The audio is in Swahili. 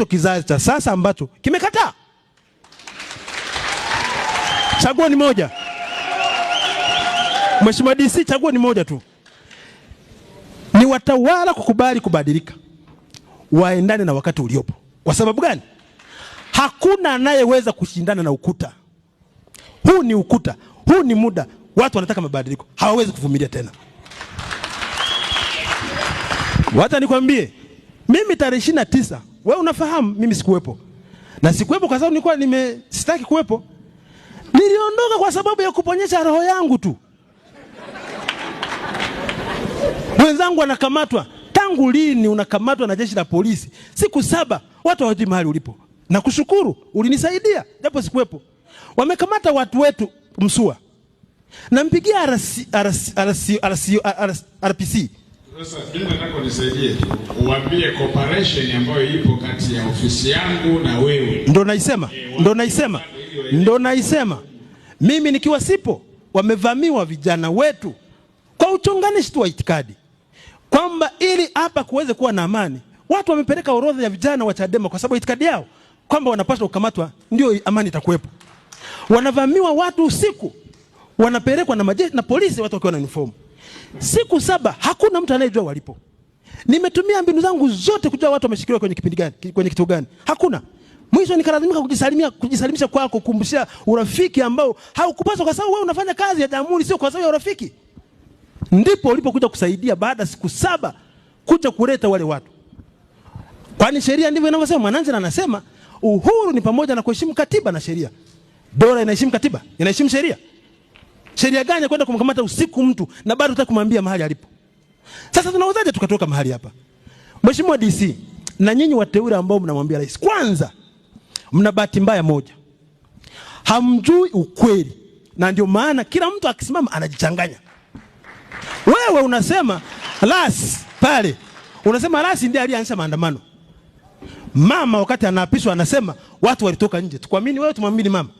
ndicho kizazi cha sasa ambacho kimekataa. Chaguo ni moja, Mheshimiwa DC, chaguo ni moja tu, ni watawala kukubali kubadilika, waendane na wakati uliopo. Kwa sababu gani? Hakuna anayeweza kushindana na ukuta huu. Ni ukuta huu, ni muda. Watu wanataka mabadiliko, hawawezi kuvumilia tena. Wacha nikwambie mimi tarehe ishirini na tisa We unafahamu mimi sikuwepo, na sikuwepo kwa sababu nilikuwa nimesitaki kuwepo. Niliondoka kwa sababu ya kuponyesha roho yangu tu. Wenzangu wanakamatwa. Tangu lini unakamatwa na jeshi la polisi? Siku saba, watu hawajui mahali ulipo. Nakushukuru, ulinisaidia japo sikuwepo. Wamekamata watu wetu Msua, nampigia RPC sasa mimi nataka unisaidie tu, uambie cooperation ambayo ipo kati ya ofisi yangu na wewe. Ndo naisema, eh, ndo naisema, ndo naisema. Mimi nikiwa sipo, wamevamiwa vijana wetu kwa uchonganishi tu wa itikadi, kwamba ili hapa kuweze kuwa na amani, watu wamepeleka orodha ya vijana wa Chadema kwa sababu itikadi yao kwamba wanapaswa kukamatwa ndio amani itakuwepo. Wanavamiwa watu usiku, wanapelekwa na majeshi na polisi, watu wakiwa na uniform Siku saba hakuna mtu anayejua walipo. Nimetumia mbinu zangu zote kujua watu wameshikiliwa kwenye kipindi gani, kwenye kitu gani. Hakuna. Mwisho nikalazimika kujisalimia, kujisalimisha kwako, kumbushia urafiki ambao haukupaswa kwa sababu wewe unafanya kazi ya jamhuri, sio kwa sababu ya urafiki. Ndipo ulipokuja kusaidia baada siku saba kuja kuleta wale watu. Kwani sheria ndivyo inavyosema. Mwananchi anasema uhuru ni pamoja na kuheshimu katiba na sheria. Dola inaheshimu katiba, inaheshimu sheria. Sheria gani ya kwenda kumkamata usiku mtu na bado hutaki kumwambia mahali alipo? Sasa tunawezaje tukatoka mahali hapa? Mheshimiwa DC, na nyinyi wateule ambao mnamwambia rais, kwanza mna bahati mbaya moja, hamjui ukweli, na ndio maana kila mtu akisimama anajichanganya. Wewe unasema las pale, unasema las ndiye aliyeanzisha maandamano. Mama wakati anaapishwa anasema watu walitoka nje, tukuamini wewe, tumwamini mama?